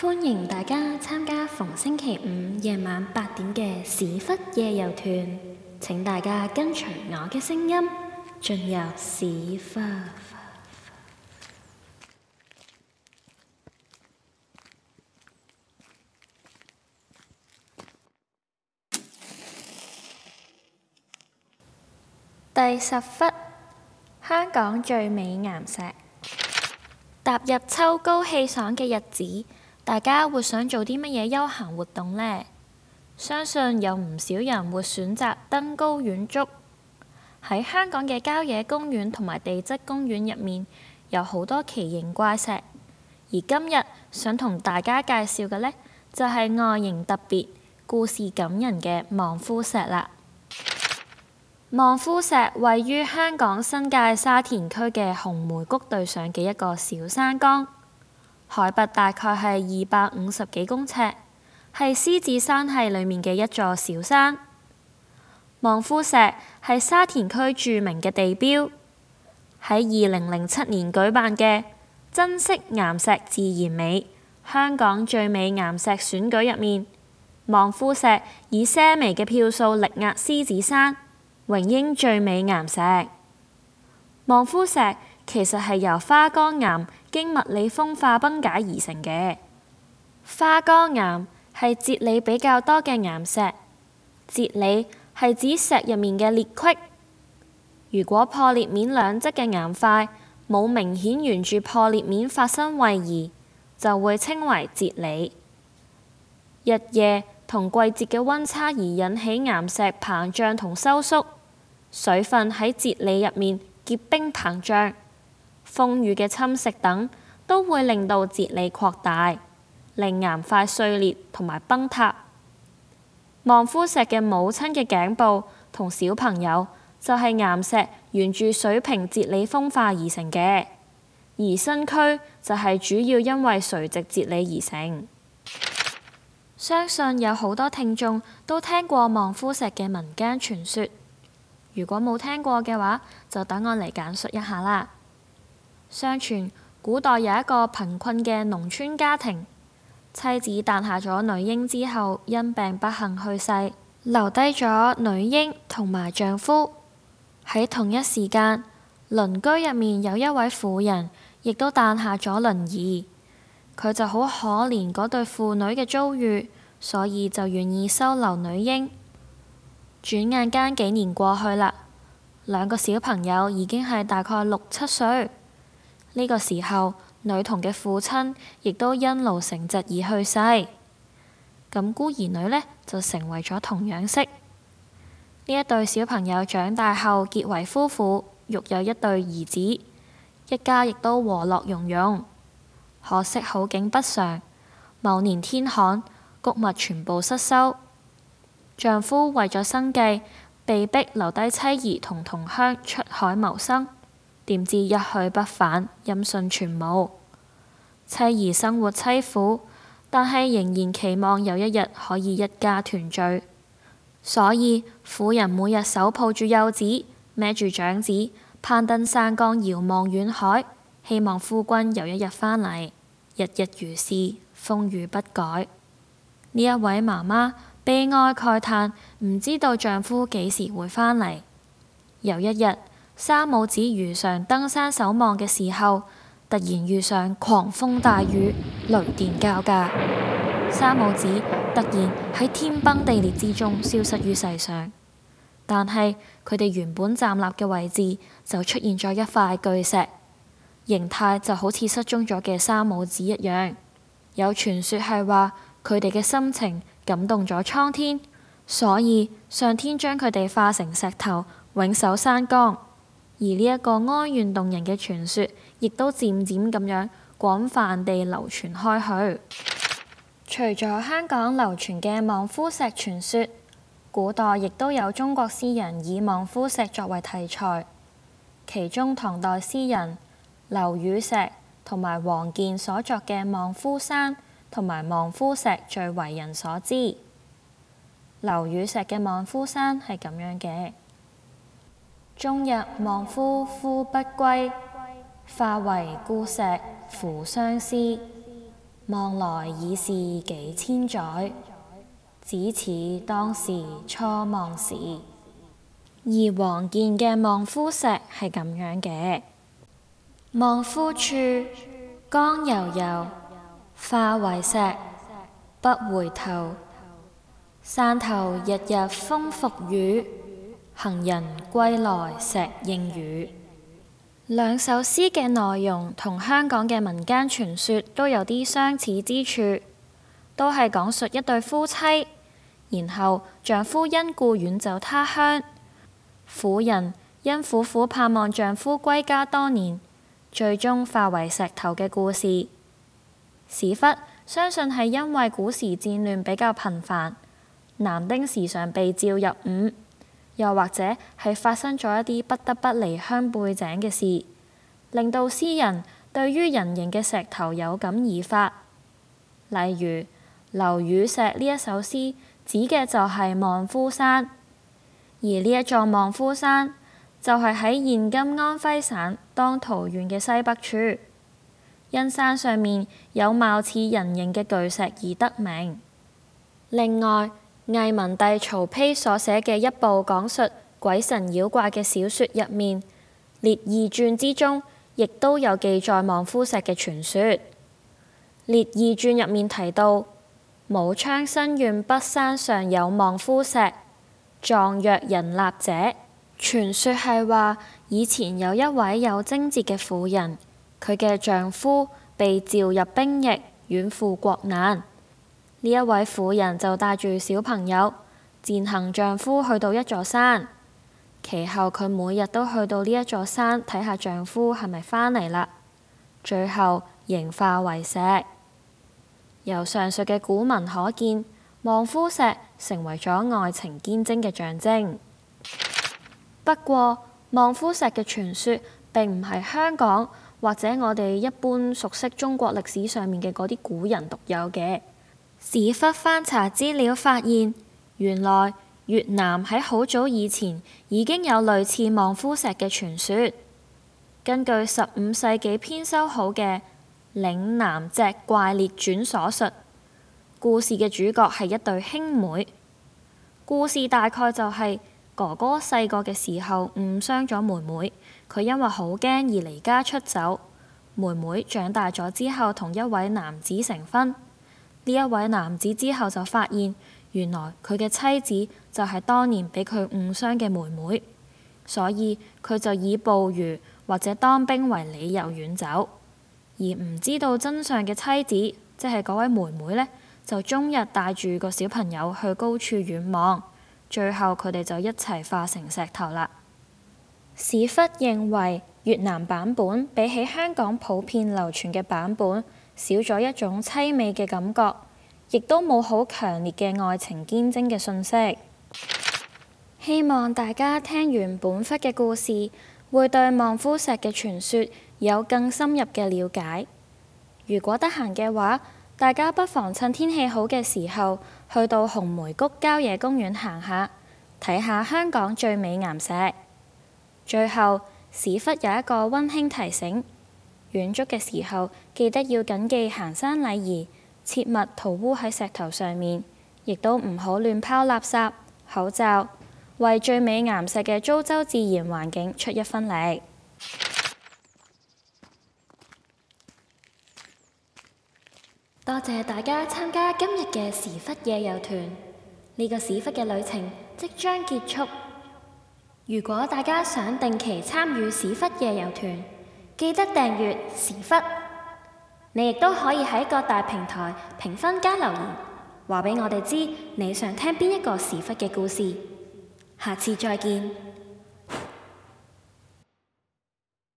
歡迎大家參加逢星期五夜晚八點嘅史窟夜遊團。請大家跟隨我嘅聲音進入史窟。第十窟，香港最美岩石。踏入秋高氣爽嘅日子，大家會想做啲乜嘢休閒活動呢？相信有唔少人會選擇登高遠足。喺香港嘅郊野公園同埋地質公園入面，有好多奇形怪石。而今日想同大家介紹嘅呢，就係外形特別、故事感人嘅望夫石啦。望夫石位於香港新界沙田區嘅紅梅谷對上嘅一個小山崗。海拔大概係二百五十幾公尺，係獅子山系裡面嘅一座小山。望夫石係沙田區著名嘅地標，喺二零零七年舉辦嘅《珍惜岩石自然美——香港最美岩石選舉》入面，望夫石以些微嘅票數力壓獅子山，榮膺最美岩石。望夫石其實係由花崗岩，經物理風化崩解而成嘅。花崗岩係節理比較多嘅岩石。節理係指石入面嘅裂隙。如果破裂面兩側嘅岩塊冇明顯沿住破裂面發生位移，就會稱為節理。日夜同季節嘅温差而引起岩石膨脹同收縮，水分喺節理入面結冰膨脹。風雨嘅侵蝕等都會令到節理擴大，令岩塊碎裂同埋崩塌。望夫石嘅母親嘅頸部同小朋友就係岩石沿住水平節理風化而成嘅，而身軀就係主要因為垂直節理而成。相信有好多聽眾都聽過望夫石嘅民間傳說，如果冇聽過嘅話，就等我嚟簡述一下啦。相傳古代有一個貧困嘅農村家庭，妻子誕下咗女嬰之後，因病不幸去世，留低咗女嬰同埋丈夫。喺同一時間，鄰居入面有一位婦人，亦都誕下咗麟兒。佢就好可憐嗰對父女嘅遭遇，所以就願意收留女嬰。轉眼間幾年過去啦，兩個小朋友已經係大概六七歲。呢個時候，女童嘅父親亦都因勞成疾而去世，咁孤兒女呢，就成為咗童養媳。呢一對小朋友長大後結為夫婦，育有一對兒子，一家亦都和樂融融。可惜好景不常，某年天旱，谷物全部失收，丈夫為咗生計，被迫留低妻兒同同鄉出海謀生。點知一去不返，音訊全無，妻兒生活淒苦，但係仍然期望有一日可以一家團聚。所以婦人每日手抱住幼子，孭住長子，攀登山崗，遙望遠海，希望夫君有一日返嚟。日日如是，風雨不改。呢一位媽媽悲哀慨嘆，唔知道丈夫幾時會返嚟。有一日，三母子如常登山守望嘅時候，突然遇上狂風大雨，雷電交加，三母子突然喺天崩地裂之中消失於世上。但係佢哋原本站立嘅位置就出現咗一塊巨石，形態就好似失蹤咗嘅三母子一樣。有傳說係話佢哋嘅心情感動咗蒼天，所以上天將佢哋化成石頭，永守山崗。而呢一個哀怨動人嘅傳說，亦都漸漸咁樣廣泛地流傳開去。除咗香港流傳嘅望夫石傳說，古代亦都有中國詩人以望夫石作為題材，其中唐代詩人劉禹錫同埋王建所作嘅《望夫山》同埋《望夫石》最為人所知。劉禹錫嘅《望夫山》係咁樣嘅。終日望夫夫不歸，化為孤石負相思。望來已是幾千載，只此當時初望時。而王建嘅望夫石係咁樣嘅：望夫處，江悠悠，化為石，不回頭。山頭日日風復雨，行人歸來石應語。兩首詩嘅內容同香港嘅民間傳說都有啲相似之處，都係講述一對夫妻，然後丈夫因故遠走他鄉，婦人因苦苦盼望丈夫歸家多年，最終化為石頭嘅故事。史窟相信係因為古時戰亂比較頻繁，男丁時常被召入伍。又或者係發生咗一啲不得不離鄉背井嘅事，令到詩人對於人形嘅石頭有感而發。例如劉禹錫呢一首詩，指嘅就係望夫山，而呢一座望夫山就係喺現今安徽省當塗縣嘅西北處，因山上面有貌似人形嘅巨石而得名。另外，魏文帝曹丕所寫嘅一部講述鬼神妖怪嘅小説入面，《列異傳》之中，亦都有記載望夫石嘅傳說。《列異傳》入面提到，武昌新縣北山上有望夫石，狀若人立者。傳說係話，以前有一位有貞節嘅婦人，佢嘅丈夫被召入兵役，遠赴國難。呢一位婦人就帶住小朋友，餞行丈夫去到一座山，其後佢每日都去到呢一座山睇下丈夫係咪返嚟啦。最後形化為石。由上述嘅古文可見，望夫石成為咗愛情堅貞嘅象徵。不過，望夫石嘅傳說並唔係香港或者我哋一般熟悉中國歷史上面嘅嗰啲古人獨有嘅。史窟翻查資料，發現原來越南喺好早以前已經有類似望夫石嘅傳說。根據十五世紀編修好嘅《嶺南隻怪列傳》所述，故事嘅主角係一對兄妹。故事大概就係哥哥細個嘅時候誤傷咗妹妹，佢因為好驚而離家出走。妹妹長大咗之後，同一位男子成婚。呢一位男子之後就發現，原來佢嘅妻子就係當年俾佢誤傷嘅妹妹，所以佢就以捕魚或者當兵為理由遠走，而唔知道真相嘅妻子，即係嗰位妹妹呢，就終日帶住個小朋友去高處遠望，最後佢哋就一齊化成石頭啦。史窟認為越南版本比起香港普遍流傳嘅版本，少咗一種淒美嘅感覺，亦都冇好強烈嘅愛情堅貞嘅信息。 希望大家聽完本窟嘅故事，會對望夫石嘅傳說有更深入嘅了解。如果得閒嘅話，大家不妨趁天氣好嘅時候去到紅梅谷郊野公園行下，睇下香港最美岩石。最後，史窟有一個溫馨提醒。遠足嘅時候，記得要謹記行山禮儀，切勿塗污喺石頭上面，亦都唔好亂拋垃圾、口罩，為最美岩石嘅蘇州自然環境出一分力。多謝大家參加今日嘅史窟夜遊團，呢、這個史窟嘅旅程即將結束。如果大家想定期參與史窟夜遊團，記得訂閱史窟，你亦都可以喺各大平台評分加留言，話俾我哋知你想聽邊一個史窟嘅故事。下次再見。